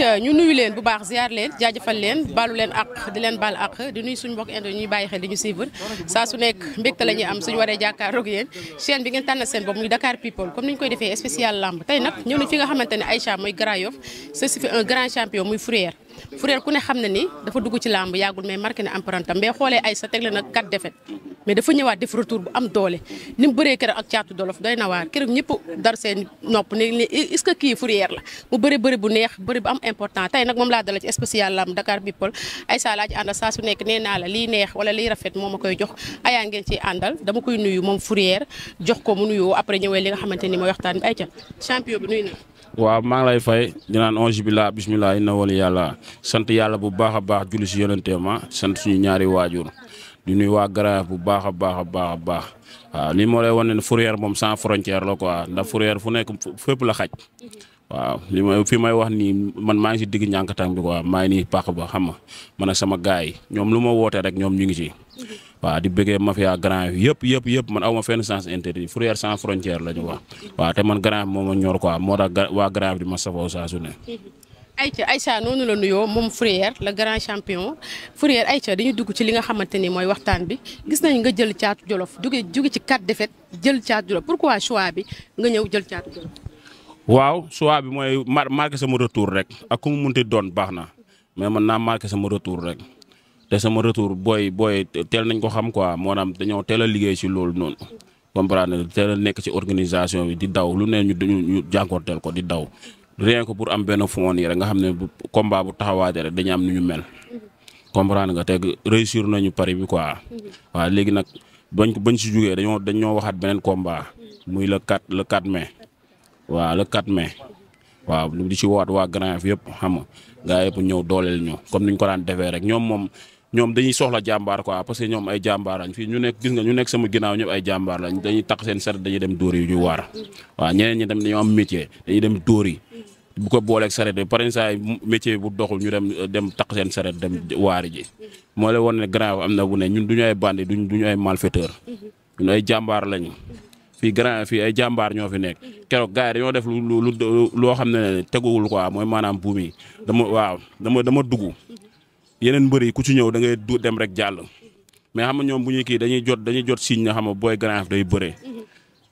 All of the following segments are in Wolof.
ñu nuyu leen bu baax ziar leen jaajëfal leen baalu leen ak di leen baal ak di nuyu suñu mbokk indo ñuy bàyyi xel di ñu suivre saa su nekk mbégte la ñuy am suñu waree jàkkaaroog yéen chaîne bi ngeen tànn seen bopp muy Dakar People comme ni ñu koy defee spécial lamb tey nag ñëw nañ fi nga xamante ne Aïcha mooy Grand Yoff ceci fait un grand champion muy Fourrière Furel ku ne xam na ni dafa dugg ci làmb yàggul mais marqué na empreinte am mais xoolee ay sa teg la nag quatre défaites mais dafa ñëwaat def retour bu am doole ni mu bëree keroog ak caatu dolof doy na waar keroog ñëpp dar seen nopp ne est-ce que kii Fourrière la mu bëri bëri bu neex bëri bu am important tey nag moom laa dala ci spécial làmb Dakar People ay saa laa ci àndal saa su nekk nee naa la liy neex wala lii rafet moo ma koy jox ayaa ngeen ciy àndal dama koy nuyu moom Fourrière jox ko mu nuyoo après ñëwee li nga xamante ni mooy waxtaan bi ay ca champion bi nuyu na waaw maa lay fay di naan onge billah laa bisimilah inna yàlla sant yàlla bu baax a baax julli si yonenteema sant suñu ñaari waajur di nuyu waa Garaaf bu baax a baax a baax baax waaw lii moo lay wan ne fourrière moom sans frontière la quoi ndax fourrière fu nekk fépp la xaj waaw li may fi may wax nii man maa ngi si digg ñànkataam bi quoi maa nii pàq ba xam nga man ak sama gars yi ñoom lu ma wootee rek ñoom ñu ngi si waaw di bëggee mafia grand yëpp yëpp yëpp man aw ma fenn sens interdit fourrière sans frontière la ñu wax waaw te man grand moom ma ñor moo waa grand di ma safoo saa su ne. Mm-hmm. Aïcha Aïcha noonu la nuyoo moom Fourrière la grand champion Fourrière Aïcha dañu dugg ci li nga xamante ni mooy waxtaan bi gis nañ nga jël caatu jolof duggee jóge ci quatre défaites jël caatu jolof pourquoi choix bi nga ñëw jël caatu jolof. waaw choix bi mooy marqué sama retour rek ak ku mu munti doon baax na mais man naa marqué sama retour rek. te sama retour booy booy teel nañ ko xam quoi maanaam dañoo teel a liggéey si loolu noonu. comprendre teel a nekk ci organisation bi di daw lu ne ñu dañu ñu jànkonteel ko di daw rien ko pour am benn fond yi rek nga xam ne bu combat bu taxawaatee rek dañu am nu ñu mel. comprendre nga teg réussir nañu pari bi quoi. waaw léegi nag bañ bañ si jugee dañoo dañoo waxaat beneen combat. muy le 4 le 4 mai. waaw le 4 mai. waaw lu di ci woowaat waa Grand Yoff yëpp xam nga gaa yëpp ñëw dooleel ñu comme ni ñu ko daan defee rek ñoom moom. ñoom dañuy soxla jàmbaar quoi parce que ñoom ay jàmbaar lañ fii ñu nekk gis nekk sama ginnaaw ñëpp ay jàmbaar lañ dañuy takk seen seret dañuy dem dóor yi ñu waar waaw ñeneen ñi tamit dañoo am métier dañuy dem dóor yi bu ko booleeg saret bi par exemple métier bu doxul ñu dem dem takk seen saret dem waari ji moo la woon ne grand am na bu ne ñun duñu ay bandi duñ duñu ay malfaiteur ñun ay jàmbaar lañu fii grand fii ay jàmbaar ñoo fi nekk keroog gars yi dañoo def lu lu loo xam ne teguwul quoi mooy maanaam buum yi dama waaw dama dama dugg yeneen mbër yi ku ci ñëw da ngay du dem rek jàll mais xam nga ñoom bu ñuy kii dañuy jot dañuy jot signe nga xam ne booy Grand Yoff day bëree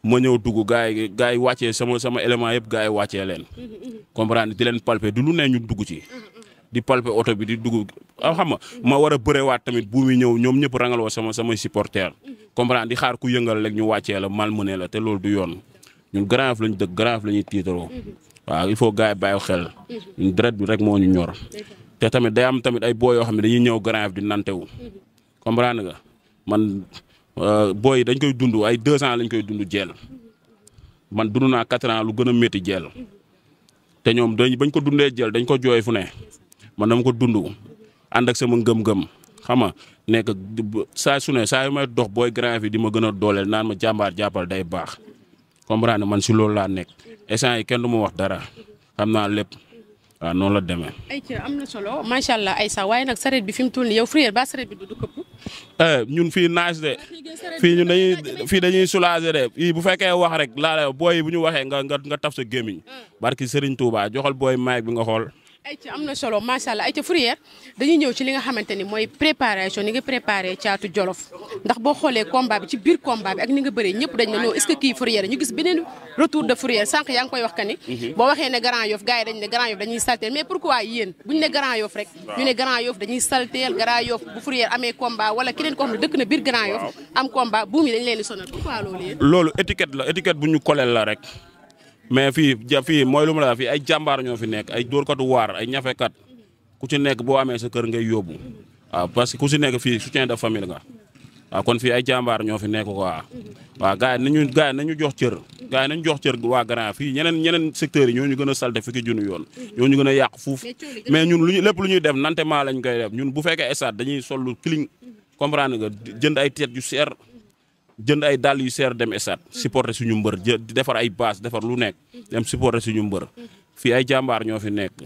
ma ñëw dugg gars yi gars yi wàccee sama sama élément yëpp gars yi wàccee leen comprendre di leen palper du ne ñu dugg ci di palper oto bi di dugg a ah xam war a bëreewaat tamit bu muy ñëw ñoom ñëpp rangaloo sama samay supporter comprendre xaar ku yëngal rek ñu wàccee la malmené la te loolu du yoon ñun Grand Yoff lañ dëkk Grand Yoff la ñuy tiitaroo waaw il faut gars yi bàyyi xel ñun deret bi rek moo ñu ñor te tamit day am tamit ay booy yoo xam ne dañuy ñëw Grand Yoff di nantewu comprendre nga man euh, booy dañ koy dund ay deux ans lañ koy dund jeel man dund naa quatre ans lu gën a métti jeel te ñoom dañ bañ ko dundee jël dañ ko jooy fu ne man dama ko dund ànd ak sama ngëm-ngëm xam nga nekk saa su ne saa may dox booy Grand Yoff yi di ma gën a dooleel naan ma jàmbaar jàppal day baax comprendre man si loolu laa nekk instant yi kenn du ma wax dara xam naa lépp. waaw ah, noonu la demee. ayca am na solo macha allah Aïssa waaye nag sareet bi fi mu toll nii yow frère ba sareet bi du du këpp. Eh, ñun fii naaj de fii ñun dañuy fii dañuy soulager de fii bu fekkee wax rek laa la booy bu ñu waxee nga nga nga taf sa gémmiñ ah. barki Serigne Touba joxal booy maay bi nga xool. ay ayca am na solo macha allah ayca fourrière dañuy ñëw ci li nga xamante ni mooy préparation ni nga préparé caatu jolof ndax boo xoolee combat bi ci biir combat bi ak ni nga bëree ñëpp dañ ne non est-ce que kii fourrière ñu gis beneen retour de fourrière sànq yaa ngi koy wax ka ni mhm. boo waxee ne Grand Yoff gars yi dañ ne Grand Yoff dañuy salteel mais pourquoi yéen buñ ne Grand bu fourrière amee combat wala keneen ko xam ne dëkk na biir Grand Yoff am combat buum yi dañ leen di sonal pourquoi loolu yéen loolu étiquette la étiquette bu ñu koleel mais fii ja fii mooy lu mu la fii ay jàmbaar ñoo fi nekk ay dóorkatu waar ay ñafekat ku ci nekk boo amee sa kër ngay yóbbu waaw parce que ku si nekk fii soutien de famille nga waaw kon fii ay jàmbaar ñoo fi nekk waa waaw gars na ñu gars yi nañu jox cër gars yi jox cër waa grand fii ñeneen ñeneen secteurs yi ñoo ñu gën a salte fukki junni yoon ñoo ñu gën a yàq fuuf mais ñun luñu lépp lu ñuy def nante maa lañ koy def ñun bu fekkee stade dañuy sol lu clean comprendre nga jënd ay tête yu seer jënd ay dàll yu seer dem stade mm-hmm. supporter suñu mbër jë defar ay base defar lu nekk mm-hmm. dem supporter suñu mbër mm-hmm. fii ay jàmbaar ñoo fi nekk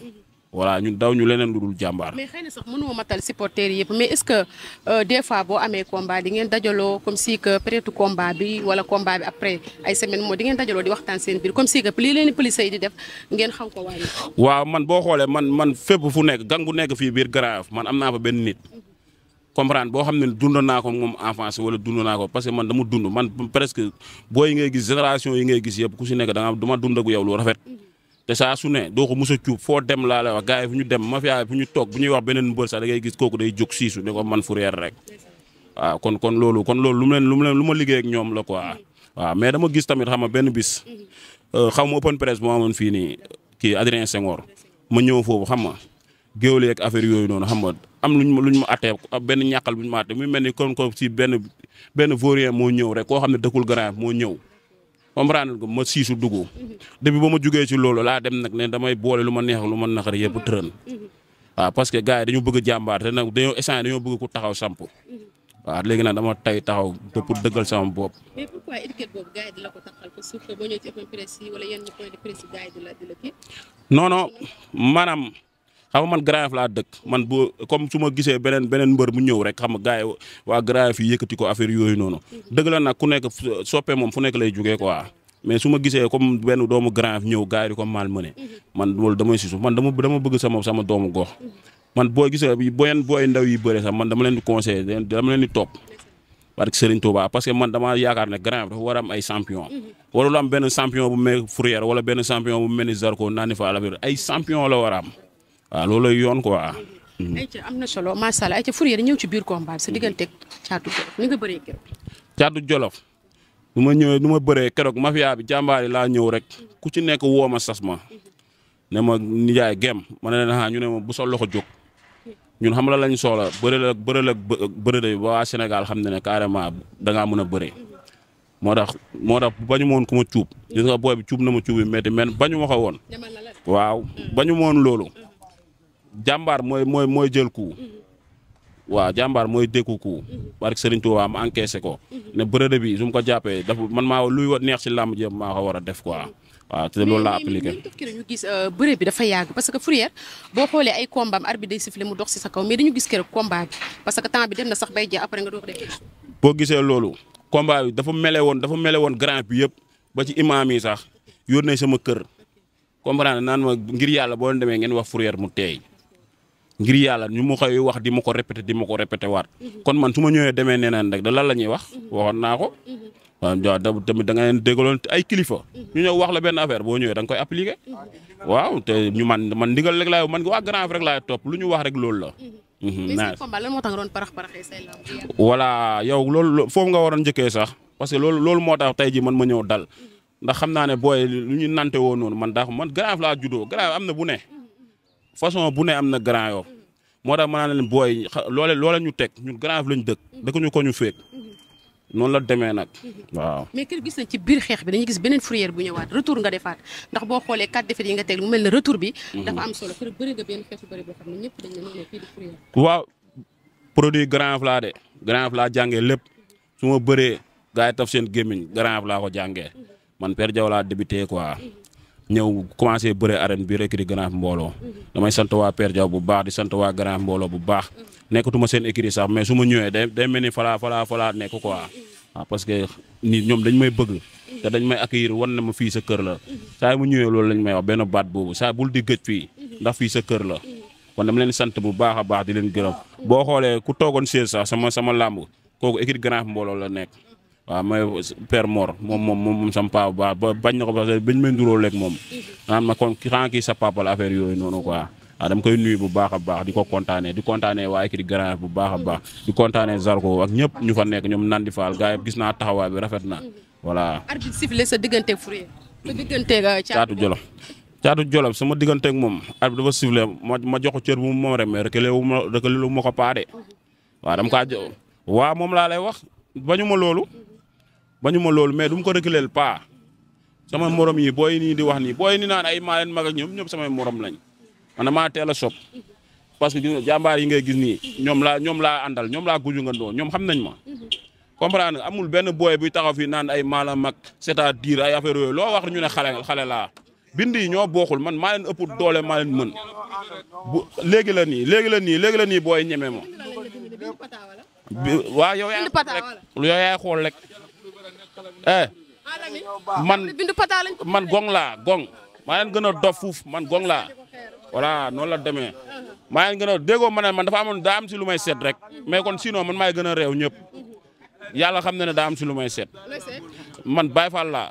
voilà ñun daw ñu leneen lu dul jàmbaar. xëy na sax mënuma matal supporter yëpp mais est-ce que euh, des fois boo amee combat di ngeen dajaloo comme si que peut-être wala combat bi après ay semaine moo di ngeen dajaloo di waxtaan seen biir comme si que lii leen police def ngeen xam ko waaye. waaw man boo xoolee man man fépp fu nekk gang bu nekk fii biir Grand Yoff man am naa fa benn nit. comprendre boo xam ne dund naa ko moom enfance wala dund naa ko parce que man dama dund man presque booy yi ngay gis génération yi ngay gis yëpp ku si nekk da nga dama dund ak yow lu rafet. te saa su ne doo ko mos a cuub foo dem laa la wax gars yi fu ñu dem mafia fu ñu toog bu ñuy wax beneen mbër sax da ngay gis kooku day jóg siisu ne ko man Fourrière rek. waaw kon kon loolu kon lu mu lu mu leen lu ma liggéey ak ñoom la ko waaw mais dama gis tamit xam ma benn bis. Euh, xaw ma open press moo amoon fii nii kii Adrien Senghor ma ñëw foofu xam nga géwél yeeg affaire yooyu noonu xam nga am luñ ma luñ ma attee benn ñàkkal buñ ma attee muy mel ni kon ko si benn benn vaurien moo ñëw rek koo xam ne dëkkul grand moo ñëw comprendre ko ma siisu dugg mhm. depuis ba ma jugee ci loolu laa dem nag ne damay boole lu ma neex lu ma naqari yëpp tërën mhm. waaw parce que gars yi dañu bëgg jàmbaar te nag dañoo instant dañoo bëgg ku taxaw samp mhm. waaw léegi nag dama tay taxaw te pour dëggal sama bopp. mais pourquoi xam nga man Grand Yoff laa dëkk man boo comme suma gisee beneen beneen mbër mu ñëw rek xam nga gars yi waa Grand Yoff yi yëkkati ko affaire yooyu noonu dëgg la nag ku nekk soppe moom fu nekk lay jugee ko mais su ma gisee comme benn doomu Grand ñëw gars yi di ko mal mëne man loolu damay sisu dama bëgg sama sama doomu gox man boo gisee boyen booy ndaw yi bëre sax man dama leen di conseillé dama leen di topp parce que Serigne Touba parce yaakaar ne Grand Yoff dafa war a am ay champion warul am benn champion bu mel Fourière wala benn champion bu mel ni Zarko naan fa ay champion la war a am waaw ah, loolay yoon quoi. waa mm-hmm. am na solo macha allah ayca Fourrière ñëw ci biir ko bi sa digganteeg caatu jolof ni nga bëree keroog. caatu jolof du ma ñëwee du ma bëree keroog mafia bi jàmbaar laa ñëw rek mm-hmm. ku ci nekk woo ma sas ma mm-hmm. ne ma nijaay gem ma ne na ñu ne ma bu sa loxo jóg ñun xam la lañ soola bëreel ak bëreel ak bëreel ba waa Sénégal xam na ne carrément da mën a bëree. moo tax moo tax bañu ma woon ku ma cuub gis booy bi cuub na ma cuub yi métti men bañu ma ko woon. waaw bañu loolu. jàmbaar mooy mooy mooy jël ku mm-hmm. waaw jàmbaar mooy dékku ku mm-hmm. barke Serigne Touba ma encaissé ko mm-hmm. ne bërëb bi su mu ko jàppee man maa luy wa neex si làmb ji war a def quoi. waaw te loolu laa appliqué mais gis euh, bi dafa yàgg parce que Fourrière boo xoolee ay combat am arbitre day dox si sa kaw mais dañu gis keroog combat parce que temps bi dem na sax bay jeex après nga boo gisee loolu combat bi dafa mele woon dafa mele woon grand bi yëpp ba ci imaam yi sax sama kër comprendre naan ma ngir yàlla boo demee ngeen wax Fourrière mu teey ngir yàlla ñu mu koy wax di ma ko répété di ma ko répété waat mhm. kon man su ma ñëwee demee neneen rek da lan la ñuy wax mhm. waxoon naa ko mhm. waaw tamit da nga leen déggaloon ay kilifa ñu ñëw wax la benn affaire boo ñëwee danga koy appliqué waaw te ñu man man ndigal rek laay man waa grand rek laay topp lu ñu wax rek loolu la. mais combat lan moo tax nga doon parax paraxee say la voilà yow nga waroon njëkkee sax parce que loolu loolu moo tax tey jii man ma ñëw dal ndax xam naa ne booy lu ñu nante woon noonu man daax man grand laa juddoo grand am na bu ne. façon bu ne am na Grand Yoff mhm. moo tax ma naan booy loole loole ñu teg ñun Grand Yoff lañ dëkk mhm. dëkkuñu ko ñu féeg mhm. noonu la demee nag waaw. mais kër gis nañ ci biir xeex bi dañuy gis beneen fourrière bu ñëwaat retour nga defaat ndax boo xoolee quatre défaites yi nga teg mu mel ne retour bi. dafa am solo kër bëri nga benn xeetu bëri boo xam laa de laa jàngee lépp su bëree gars seen gémmiñ Grand Yoff jàngee man Père Diaw laa débuté quoi ñëw commencé bëre arène bi rek di Grand mbooloo mhm. damay sant waa Père Diaw bu baax di sant waa Grand mbooloo bu baax mhm. nekkatuma seen écrit sax mais su ma ñëwee day day mel ni falaa falaa falaa nekk quoi mhm. ah, parce que nit ñoom dañ may bëgg dañ may accueillir wan na ma fii sa kër la saa mu ñëwee loolu lañ may wax benn baat boobu saa di gëj fii ndax fii sa kër la kon dama leen sant bu baax a baax di leen gërëm boo xoolee ku toogoon séer sax sama sama làmb kooku écrit Grand mbooloo la nekk. waaw may père Mor moom moom moom sama papa bu baax ba bañ na ko parce que bañ may nduróo lekk moom naan ma kon xanaa sa papa la affaire yooyu noonu ko waaw dama koy nuyu bu baax a baax di ko kontaane di kontaanee waaye ki di garaan bu baax a baax di kontaanee Zarko ak ñëpp ñu fa nekk ñoom Nandi Fall gars yi gis naa taxawaay bi rafet na voilà. sa digganteeg Fourier. sa digganteeg euh, Caatu Jolof Caatu Jolof sama digganteeg moom arbitre dafa sifflé ma ma jox ko cër bu moom rek mais reculé wu ma reculé ma ko paade. waaw dama kaa jo waaw moom laa lay wax bañu ma loolu. bañu ma loolu mais du ma ko reculer pas sama morom yi booy nii di wax nii booy ni naan ay maa leen mag ñoom ñëpp samay morom lañ man damaa teel a sob parce que jàmbaar yi ngay gis nii ñoom laa ñoom laa àndal ñoom laa guju ngandoo ñoom xam nañ ma comprendre amul benn booy buy taxaw fi naan ay maa la mag c'est-à-dire ay affaire yooyu loo wax ñu ne xale xale laa bind yi ñoo bokkul man maa leen ëpp doole maa leen mën léegi la nii léegi la nii léegi la nii booy ñemee ma waa yow eh man man gong laa gong maa leen gën a dof fuf man gong laa voilà noonu la demee maa leen gën a déggoo ma ne man dafa amoon daa am si lu may seet rek mais kon sinon man maay gën a réew ñëpp yàlla xam na ne daa am si lu may seet man Baye Fall laa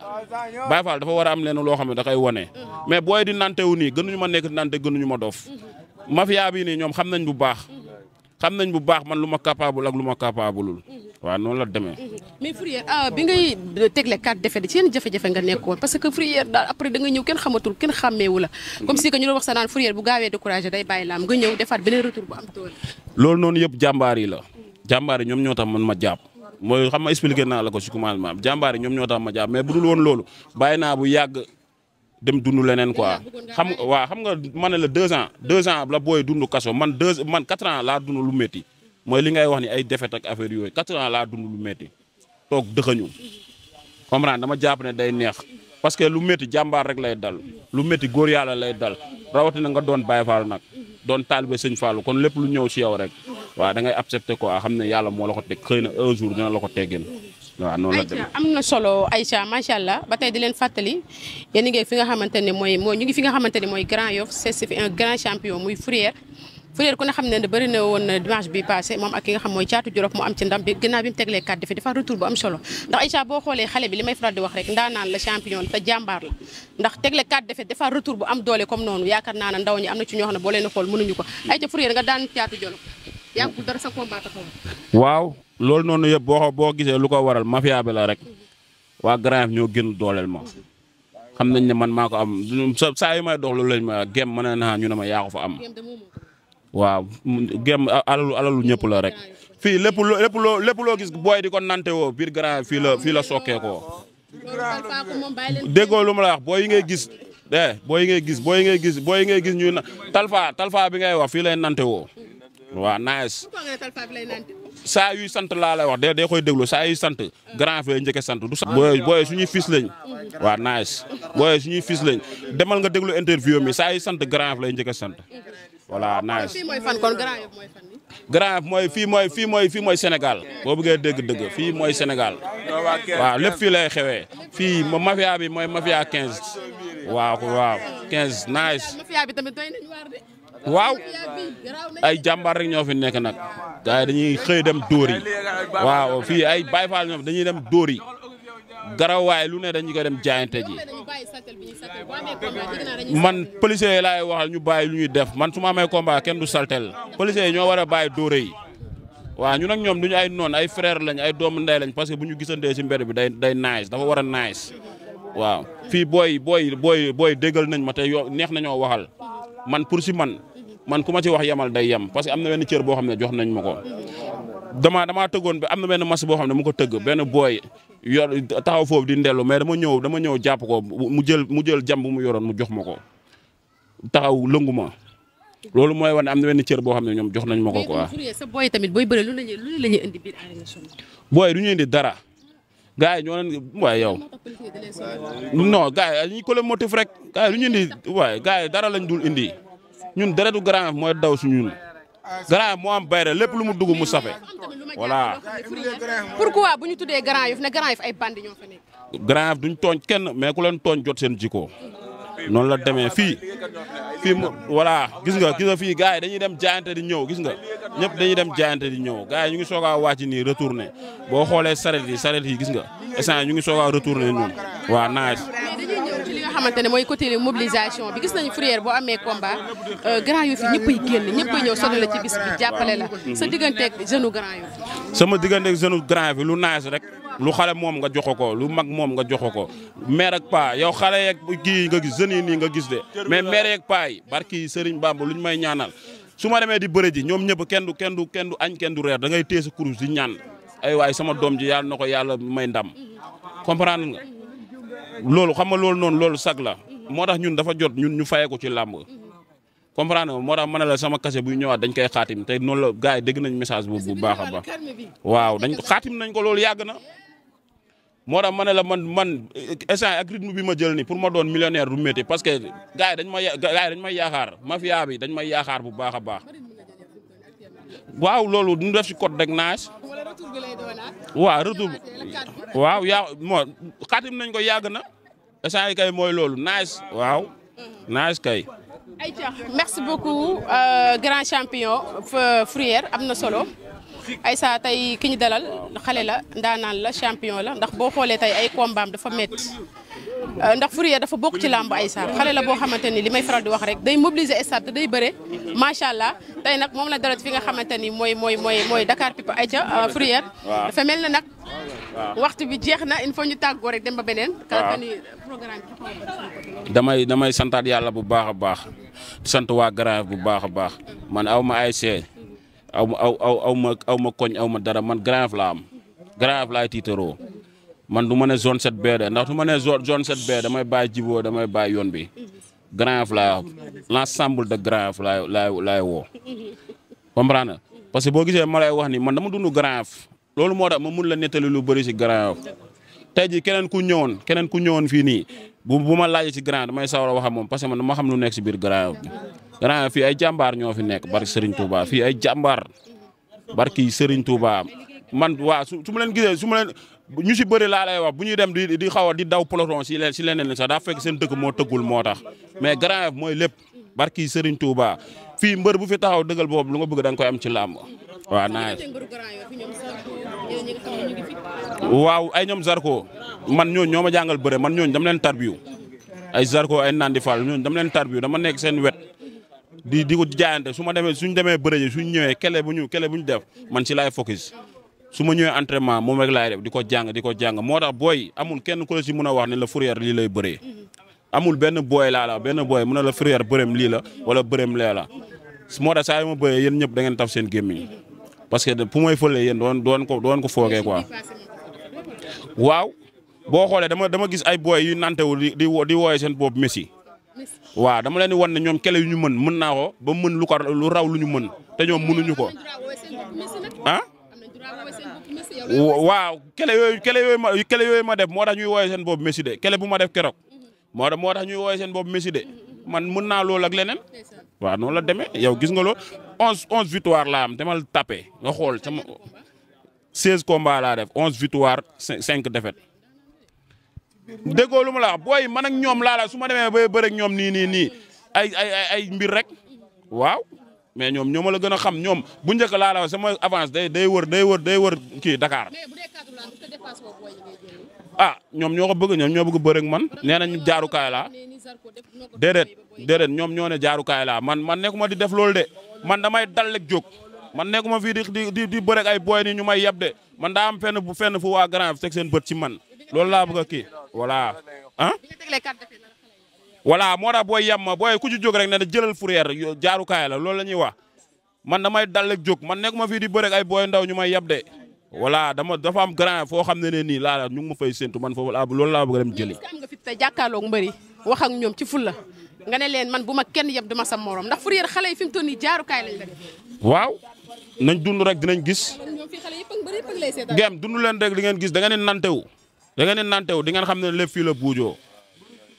Baye Fall dafa war a am leen loo xam ne da koy wane mais booy di nante wu nii gënuñu ma nekk nante gënuñu ma dof mafia bi nii ñoom xam nañ bu baax. xam nañ bu baax man lu ma capable ak lu ma capableul waaw noonu la demee. Ah, bi ngay tegle carte défaite ci yenn jafe-jafe nga nekkoon parce que Fourrière daal après da ñëw kenn xamatul kenn xàmmeewu la. comme si que ñu doon wax bu gaawee découragé day bàyyi laam nga ñëw defaat beneen retour bu am loolu noonu yëpp jàmbaar la. jàmbaar ñoom ñoo man ma jàpp. mooy xam ma expliqué naa la ko ci commencement jàmbaar ñoom ñoo tax ma jàpp mais dem dundu leneen quoi xam waaw xam nga ma ne la deux ans deux ans la booy dund kaso man deux man quatre ans laa dund lu métti mooy li ngay wax ni ay défaite ak affaire yooyu quatre ans laa dund lu métti toog dëxañu comprendre dama jàpp ne day neex parce que lu métti jàmbaar rek lay dal lu métti góor yàlla lay dal na nga doon Baye Fall nag doon taalibe sëñ Fallu kon lépp lu ñëw si yow rek waa da ngay accepté quoi xam ne yàlla moo la ko teg xëy na un jour la ko teggeel waaw noonu am na solo Aïcha macha allah ba tey di leen fattali yéen ngi fi nga xamante ne mooy mooy ñu ngi fi nga xamante ne mooy Grand Yoff c'est un grand champion muy Fourrière Fourrière ku ne xam ne ne woon dimanche bi passé moom ak ki nga xam mooy caatu Jolof mu am ci ndam bi gannaaw bi teglee kat dafa defar retour li may faral di wax rek ndaanaan la champion la te jàmbaar la ndax retour bu am doole comme noonu yaakaar naa ne ndaw ñi am na ci ñoo xam ne boo leen xool mënuñu ko Aïcha Fourrière nga daan caatu Jolof yàggul waaw loolu noonu yëpp boo boo gisee lu ko waral mafia bi la rek waa Grand ñoo gën dooleel ma xam nañ ne man maa ko am saa yu may dox loolu lañ ma gem mën naa ñu ne ma yaa ko fa am waaw gem alalu alalu la rek fii lépp loo lépp lépp loo gis booy di ko nante woo biir Grand fii la fii la sokkee koo déggoo lu ma la wax booy yi gis boo eh, booy yi gis booy yi ngay gis booy yi ngay gis ñuy na bi ngay wax fii lay nante woo waaw nice saa yuy sant laa lay wax de de koy déglu saa yuy sant grand frère njëkk sant du sant. booy booy suñuy fils lañ waaw nice booy suñuy fils lañ demal nga déglu interview mi saa yuy sant grand frère lay njëkk sant voilà nice. grand mooy fii mooy fii mooy fii mooy Sénégal boo bëggee dégg dëgg fii mooy Sénégal waaw lépp fii lay xewee fii mafia bi mooy mafia quinze waaw waaw 15 nice. waaw ay jàmbaar rek ñoo fi nekk nag gars dañuy xëy dem dóor yi waaw fii ay Baye Fall ñoom dañuy dem dóor garawaay lu ne dañu ko dem jaayante ji man policiers laay waxal ñu bàyyi lu ñuy def man su ma amee combat kenn du saltel policiers yi ñoo war a bàyyi dóore yi waaw ñu nag ñoom du ñu ay noon ay frère lañ ay doomu ndey lañ parce que bu ñu gisantee si mbedd bi day day nice dafa war a nice waaw fii booy booy booy booy déggal nañ ma te neex nañoo waxal man pour si man man ku ma ci wax yemal day yem parce que am na benn cër boo xam ne jox nañ ma ko damaa damaa tëggoon bi am na benn match boo xam ne mu ko tëgg benn booy yor taxaw foofu di ndellu mais dama ñëw dama ñëw jàpp ko mu jël mu jël jam mu yoroon mu jox ma ko taxaw lëngu ma loolu mooy wane am na wenn cër boo xam ne ñoom jox nañ ma ko quoi. sa booy tamit booy lu la ñuy lu la ñuy du ñu indi dara. gaa yi ñoo leen waaye yow non gars ñu ko le motif rek gars lu ñu indi waaye gars yi dara lañ dul indi. ñun deretu Grand Yoff mooy daw si ñun Grand Yoff moo am bayre lépp lu mu dugg mu safe voilà. pourquoi bu ñu tuddee Grand ne Grand ay bandi ñoo fa nekk. duñ tooñ kenn mais ku leen tooñ jot seen jikko noonu la demee fii fii mu voilà gis nga gis nga fii gars yi dañuy dem jaayante di ñëw gis nga ñëpp dañuy dem jaayante di ñëw gars yi ñu ngi soog a wàcc nii retourné boo xoolee saret yi saret yi gis nga instant ñu ngi soog a retourné ñun waa naaj. xamante ne mooy côté mobilisation bi gis nañu Fourrière boo amee combat euh, Grand Yoff yi ñëppay génn ñëppay ñëw sori la ci bis bi jàppale la sa digganteeg jeune Grand Yoff. sama digganteeg jeune Grand Yoff lu naaj rek lu xale moom nga joxo ko lu mag moom nga joxo ko maire ak paa yow xale yeeg kii nga gis jeunes yi nii nga gis de mais maire yeeg paa yi barki Serigne Bamba luñ may ñaanal su ma demee di bëre ji ñoom ñëpp kenn du kenn du kenn du añ kenn du reer da ngay téye sa kurus di ñaan ay waay sama doom ji yàlla na ko yàlla may ndam comprendre nga. loolu xam nga loolu noonu loolu sag la moo tax ñun dafa jot ñun ñu fayee ko ci làmb comprendre nga moo tax ma ne la sama kase buy ñëwaat dañ koy xaatim te noon la gars yi dégg nañ message boobu bu baax a baax waaw dañ xaatim nañ ko loolu yàgg na moo tax ma ne la man man instant ak bi ma jël ni pour ma doon millionnaire du métti parce que gars dañ ma gars yi dañ may yaakaar mafia bi dañ may yaakaar bu baax a baax waaw loolu ñu def si code rek naaj. Ah. waaw retour waaw yaa moo xaatim nañ ko yàgg na échange kay mooy loolu naaj waaw naaj kay. ayca merci beaucoup euh, grand champion Fourrière am na solo ay tey ki ñu dalal xale la ndaanaan la champion la ndax boo xoolee tey ay kombaam dafa métti. Euh, ndax Fourrière dafa bokk ci làmb ay saar xale la boo xamante ni li may faral di wax rek day mobiliser stade te day bëre macha allah tey nag moom la dalat fi nga xamante ni mooy mooy mooy mooy Dakar People Aïcha euh, Fourrière dafa mel na nag waxtu bi jeex na in faut ñu tàggoo rek dem ba beneen kala ni damay damay santaat yàlla bu baax a baax sant waa Grand bu baax a baax man aw ma ASC aw aw ma aw ma koñ aw ma dara man Grand laa am Grand laay tiitaroo man du ma ne zone 7B de ndax du jiboo damay bàyyi yoon bi Grand Yoff laay wax de Grand Yoff laay laay laay woo comprendre nga parce que boo gisee ma lay wax ni man dama dund Grand loolu moo tax ma mun la nettali lu bari si Grand te tey jii keneen ku ñëwoon keneen ku ñëwoon fii nii bu bu ma laajee si Grand Yoff damay sawar a wax moom parce que man dama xam lu nekk si biir Grand Yoff Grand fii ay jàmbaar ñoo fi nekk bari Serigne Touba fii ay jàmbaar barki Serigne Touba man waa su gisee su ñu si bëri laa lay wax bu ñuy dem di di xaw di daw peloton si leen si leneen sax daa fekk seen dëkk moo tëggul moo tax mais Grand Yoff mooy lépp barki Serigne Touba fii mbër bu fi taxaw dëggal boobu lu nga bëgg da nga ko am ci làmb waaw naa waaw ay ñoom Zarko man ñooñu ñoo ma jàngal bëre man ñooñu dama leen tarbiyu ay Zarko ay Nandi Fall ñooñu dam leen tarbiyu dama nekk seen wet di di ko jaayante su ma demee suñ demee bëre ji suñ ñëwee kele bu ñu kele bu ñu def man si laay focus su ma ñëwee entraînement moom rek laay di ko jàng di ko jàng moo tax booy amul kenn ku si mën a wax ni la Fourrière lii lay bëree. amul benn booy laa la benn booy mun a la Fourrière bërëm lii la wala bërëm lee la moo tax saa yu ma bëree yéen ñëpp da ngeen taf seen gémmiñ parce que fu may fëlee yéen doon doon ko doon ko foogee quoi. waaw boo xoolee dama dama gis ay booy yu nantewul di di wooye seen bopp Messi. waaw dama leen di wan ne ñoom kele yu ñu mën mën naa ko ba mën lu ko lu raw lu ñu mën te mënuñu ko waaw kele yooyu ma kele ma def moo tax ñuy wooye seen boobu Messi de kele bu ma def keroog moo tax moo tax ñuy wooye seen boobu Messi de man mën naa loolu ak leneen waaw noonu la demee yow gis nga loolu onze onze victoire laa am demal tapé nga xool sama seize combats laa def onze victoire cinq défaites déggoo lu ma la booy man ak ñoom laa la su ma demee ba bëre ñoom nii nii nii ay ay mbir rek waaw mais ñoom ñoo ma la gën a xam ñoom bu njëkk laa la wax sama avance day day wër day wër day wër kii dakaar a ah, ñoom ñoo ko bëgg ñoom ñoo bëgg bëre man nee nañ jaarukaay laa déedéet déedéet ñoom ñoo ne jaarukaay laa man man nekkuma di def loolu de man damay dal ak jóg man nekkuma fii di di di bëre ak ay booy ni ñu may yeb de man daa am fenn bu fenn fu waa grand teg seen bët ci man loolu laa bëgg a kii voilà voilà moo tax booy yem ma booy ku ci jóg rek ne jëlal fourrière jaarukaay la loolu la ñuy wax man damay dal ak jóg man nekk ma fii di bëre ay booy ndaw ñu may yab de voilà dama dafa am grand foo xam ne ne nii laa ñu ma fay séntu man foofu laa loolu laa bëgg dem jëli. est-ce tey jàkkaarloog mbëri wax ak ñoom ci fulla nga ne leen man bu ma kenn yab dama sa morom ndax fourrière xale yi fi mu toll nii jaarukaay la waaw nañ dund rek dinañ gis. ñoom fii xale gem dund leen rek di ngeen gis da ngeen di nantewu da ngeen di nantewu di ngeen xam ne lépp fii buujoo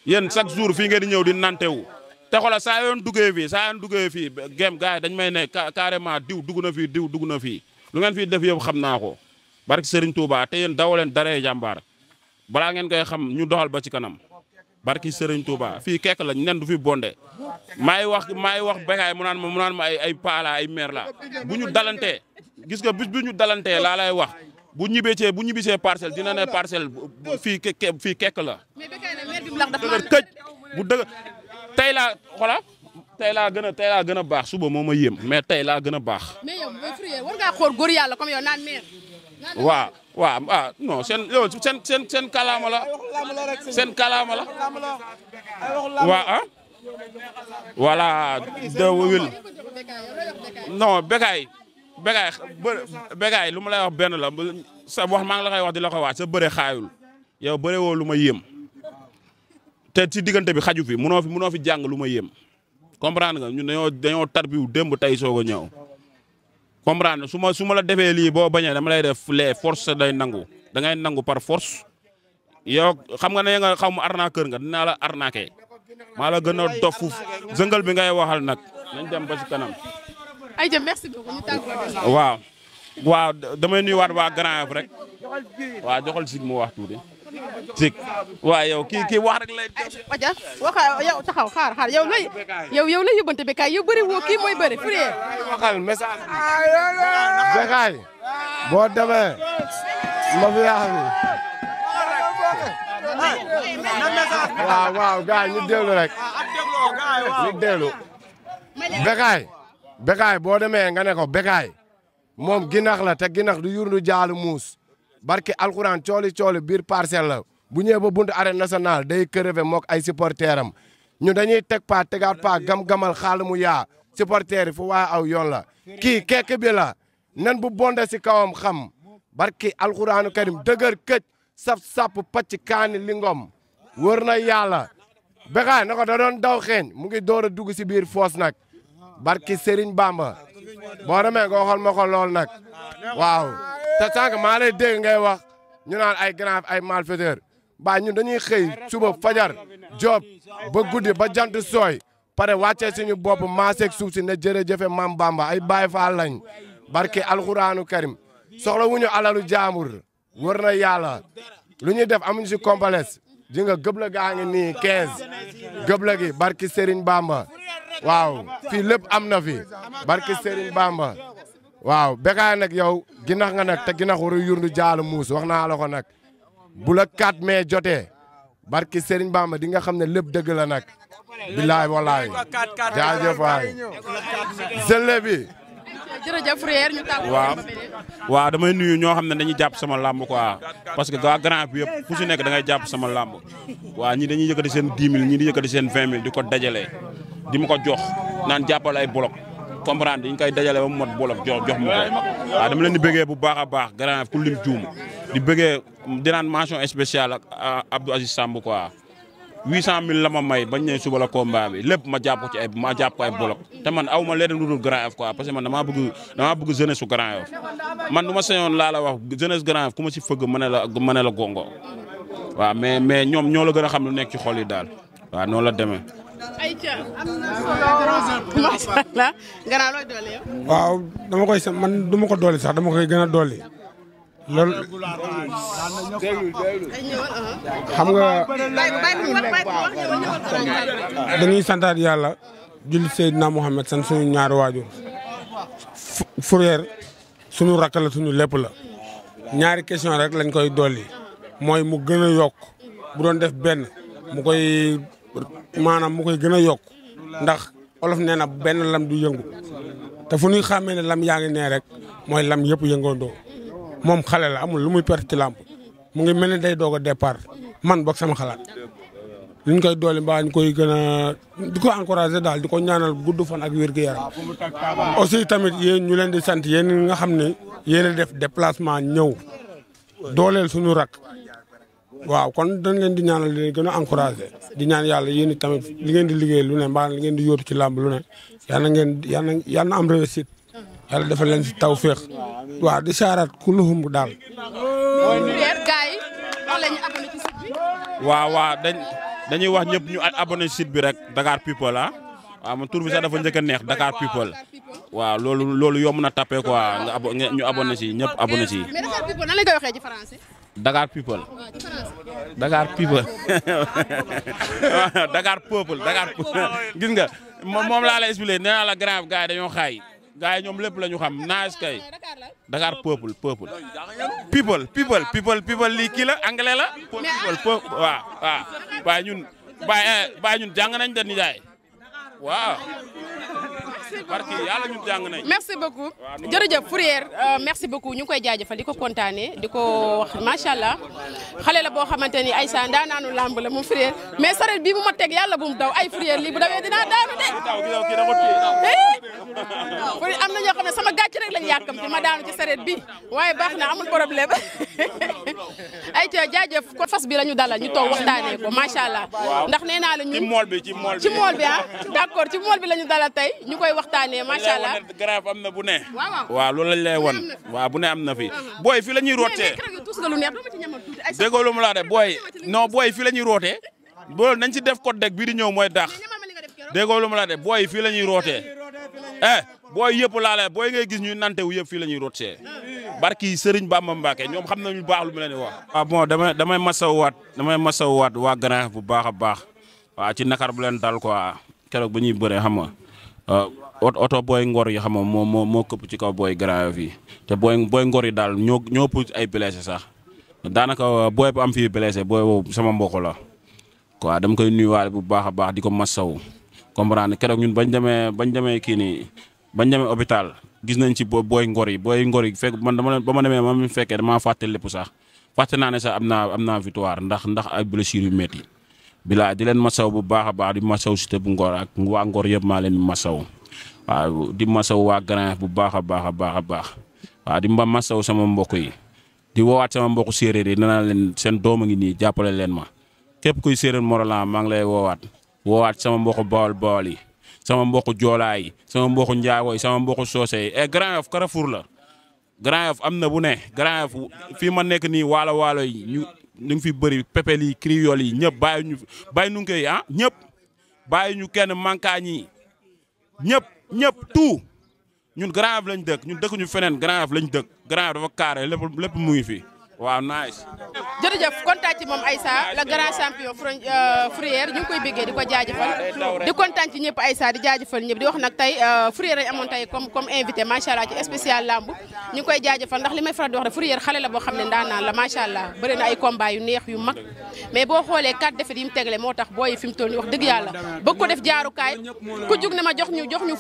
yéen chaque jour fii ngeen di ñëw di nantewu te xoolal saa yoon duggee fii saa yoon fii gem gars dañ may ne carrément diw dugg na fii diw dugg na fii lu ngeen fii def yëpp xam naa ko barke sëriñ Touba te yéen daw leen daree jàmbaar balaa ngeen koy xam ñu doxal ba ci kanam barki Serigne Touba fii kekk lañ nen du fi bonde maay wax maay wax bekaay mu naan ma mu naan ma ay ay paala ay mer la bu ñu dalantee gis nga bis bu ñu dalantee laa lay wax bu ñibbee bu ñibbisee parcelle dina ne parcelle fii fii kekk la ndax këj bu dëgër tey laa xoolal tey laa gën a tey laa gën a baax suba moom ma yéem mais tey laa gën a baax. mais yow booy Fourrière war ngaa xool góor yàlla comme yow naan meer. waaw waaw ah non seen yow seen seen seen kalaama la seen kalaama ah. lu ma lay wax benn la sa wax maa ngi la koy di la ko waaj sa bëre xaayul yow bëre woo lu ma yéem. te ci diggante bi xaju fi munoo fi munoo fi jàng lu ma yem comprendre nga ñun na dañoo tarbiwu démb tey soog a ñëw comprendre su ma su ma la defee lii boo bañee dama lay def les force day nangu dangay nangu par force yow xam nga ne nga xaw ma kër nga danaa la arnaqué maa la gën a dof zëngal bi ngay waxal nag nañ dem ba ci kanam. ayca merci beaucoup ñu waaw damay nuyuwaat waa Grand Yoff rek waaw joxal si mu wax tuuti. cik waaw yow kii kii wax rek lay. aja waxaa yow taxaw xaar xaar yow lay yow yow lay yóbbante Bécaye yow bëri woo kii mooy bëri Fourrière. waxal boo demee mafia bi. waaw waaw gars yi ñu dellu rek ñu dellu. boo demee nga ne ko Bécaye moom ginax la te ginax du yurnu jaalu muus. barke alxuraan cooli cooli biir parcelle la bu ñëwee ba buntu arène nationale day crevé mook ay supporteurs am ñu dañuy teg paa tegaat paa gam-gamal xaal mu yaa supporteurs yi fu waa aw yoon la. kii kekk bi la nen bu bonde si kawam xam barke alxuraanu karim dëgër këj saf sapp pàcc kaani li ngom wër na yàlla. Bécaye na ko da doon daw xeeñ mu ngi door a dugg si biir foos nag barke Serigne Bamba boo demee nga waxal lool nag waaw. te sànq maa lay dégg ngay wax ñu naan ay grand ay malfaiteur ba ñun dañuy xëy suba fajar job ba guddi ba jant sooy pare wàccee suñu bopp maaseeg suuf si ne jërëjëfe Maam Bamba ay Baay Faal lañ barke alxuraanu karim soxla wuñu alalu jaamur wër na yàlla lu ñuy def amuñu si complexe ji nga gëb la ngi nii 15 gëb la barki sëriñ Bamba waaw fii lépp am na fi barki Serigne Bamba waaw Bécaye nag yow ginax nga nag te ginax waru yurndu jaalu muus wax naa la ko nag bula la 4 jote jotee barki Serigne Bamba di nga xam ne lépp dëgg la nag bilaay walaay jaajëf waay zëlle bi jërëjëf frère ñu tàggu waaw waaw damay nuyu ñoo xam ne dañuy jàpp sama làmb quoi parce que gaa grand bi yëpp ku si nekk da ngay jàpp sama làmb waaw ñii dañuy yëkkati seen 10 000 ñii di yëkkati seen 20 000 di ko dajale di ma ko jox naan jàppal ay bloc comprendre dañ koy dajale ba mu mot boolok jox jox mu ko waaw dama leen ni bëggee bu baax a baax grand ku lim juum di bëggee dinaan mention spéciale ak Abdou Aziz Samb quoi. 800000 la ma may bañ ne suba la combat bi lépp ma jàpp ko ay ma jàpp ko te man aw ma leneen lu dul Grand Yoff quoi parce que man damaa bëgg damaa bëgg jeunesse su Grand Yoff man du ma sañoon laa la wax jeunesse Grand Yoff ku ma si fëgg mën a la mën a la gongo waa mais mais ñoom ñoo la gën a xam lu nekk ci xol yi daal waaw noonu ayca waaw dama koy sa man du ko dolli sax dama koy gën a dolli. loolu xam nga dañuy santaat yàlla julli na Muhammad sant suñu ñaari waajur frère suñu rakk la suñu lépp la ñaari question rek lañ koy dolli mooy mu gën yokk bu def benn mu koy maanaam mu koy gën a yokk ndax olof nee na benn lam du yëngu te fu ñuy xàmmee ne lam yaa ngi nee rek mooy lam yëpp yëngoo doo moom xale la amul lu muy perte ci làmb mu ngi mel ni day doog a départ man boog sama xalaat li ñu koy doole mbaa ñu koy gën a di ko encouragé daal di ko ñaanal gudd fan ak wér gu yaram aussi tamit yéen ñu leen di sant yéen nga xam ne yéen a def déplacement ñëw dooleel suñu rak waaw kon dañ leen di ñaanal di gën a encouragé di ñaan yàlla yéen tamit li ngeen di liggéey lu ne mbaa li ngeen di yóotu ci làmb lu ne yal na ngeen yal na na am réussite yàlla defal leen si taw féex waaw di saaraat kulluhum daal. waaw waaw dañ dañuy wax ñëpp ñu abonné bi rek Dakar People ah waaw man tur bi sax dafa njëkk a neex Dakar People waaw loolu loolu yomb na tapé quoi nga abo ñu abonné ñëpp abonné si. ci Dakar people Dakar people Dakar people Dakar moom laa lay expliqué nee la grave gars yi dañoo xaay gars yi ñoom lépp la ñu xam naaj kay Dakar people people people people people la anglais la. people people waaw ñun bàyyi eh, jàng nañ de nijaay waaw. merci beaucoup yàlla ñun jàng nañ euh, merci beaucoup ñu koy koy jaajëfal di ko kontaanee di ko wax macha allah xale la boo xamante ni daa naa làmb la moom Fourière mais saret bi bu ma teg yàlla bu mu daw ay Fourière lii bu dawee dinaa daanu de. Eh? Fourière am na ñoo xam ne sama gàcc rek lañ yàkkam di ma daanu ci saret bi waaye baax na amul problème ay ca jaaja ko fas bi la ñu dalal ñu toog waxtaanee ko macha allah ndax nee naa la ñun ci mool bi ci mool bi ah d'accord ci mool bi la waxtaanee macha allah grave am na bu ne. waaw lañ lay wan waaw bu ne am na fi. booy fii la ñuy rootee déggoo lu mu laa de booy no booy fii la ñuy rootee loolu nañ ci def kot dek bii di ñëw mooy dàq déggoo lu mu laa de booy fii la ñuy rootee eh booy yëpp laa la booy ngay gis ñuy nante wu yëpp fii la ñuy rootee ah. barki Serigne Bamba Mbacke ñoom xam na ñu baax lu mu leen di wax. waaw ah, bon damay damay masawuwaat damay masawuwaat waa Grand bu baax a baax waaw ci nakar bu leen dal quoi keroog ba ñuy bëree xam oto booy ngor yi xam nga moo moo moo këpp ci kaw booy Grand fii te booy booy ngor yi daal ñoo ñoo ëpp ay blessé sax daanaka uh, booy bu am fii blessé booy boobu sama mbokk la quoi dama koy nuyuwaale bu baax a baax di ko masawu comprendre keroog ñun bañ demee bañ demee kii nii bañ demee hôpital gis nañ ci booy ngor yi booy ngor yi fekk man dama ma demee ma mu fekkee damaa fàtte lépp sax fàtte naa ne sax am naa am naa victoire ndax ndax ay blessures yu métti bilaa di leen masaw bu baax a baax di masaw Siteu bu ngor ak waa ngor yëpp maa leen masaw waaw di masaw waa Grand Yoff bu baax a baax a baax a baax waaw di ma sama mbokk yi di woowaat sama mboku séeréer yi nana leen seen doom a ngi nii jàppale leen ma képp kuy séeréer Morolan maa ngi lay woowaat woowaat sama mboku bawol bawol yi sama mbokk joolaa yi sama mboku njaago yi sama mboku soose yi et eh, Grand Yoff Carrefour la Grand Yoff am na bu ne Grand Yoff fii ma nekk nii waalo waalo yi ñu fi bëri pepel yi criol yi ñëpp bàyyi ñu bàyyi nu ngi koy ah, ñu kenn mankaa ñi ñëpp tout ñun Grand Yoff lañ dëkk ñun dëkkuñu feneen Grand Yoff lañ dëkk Grand Yoff dafa carré lépp lépp mu ngi fi. waaw nice. jërëjëf kontaan ci moom Aïssa la grand champion euh, Fourrière ñu koy béggee di ko jaajëfal di kontaan ci ñëpp Aïssa di jaajëfal ñëpp di wax nag tey euh, Fourrière lañ amoon tey comme comme invité macha allah ci spécial lamb ñu ngi koy jaajëfal ndax li may faral di wax rek Fourrière xale la boo xam ne ndaanaan la macha allah bëri na ay combat yu neex yu mag mais boo xoolee quatre défaites yi mu tegle moo tax boo yi fi mu toll nii wax dëgg yàlla bëgg ko def jaarukaay ku jug ne ma jox ñu jox ñu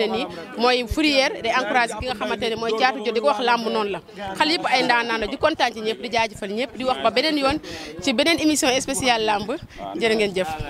a a yi mooy fourrière day encouragé ki nga xamante ne mooy jaatu jot di ko wax làmb noon la xale yëpp ay ndaanaan la di kontaan ci ñëpp di jaajëfal ñëpp di wax ba beneen yoon ci beneen émission spéciale làmb jërë ngeen jëf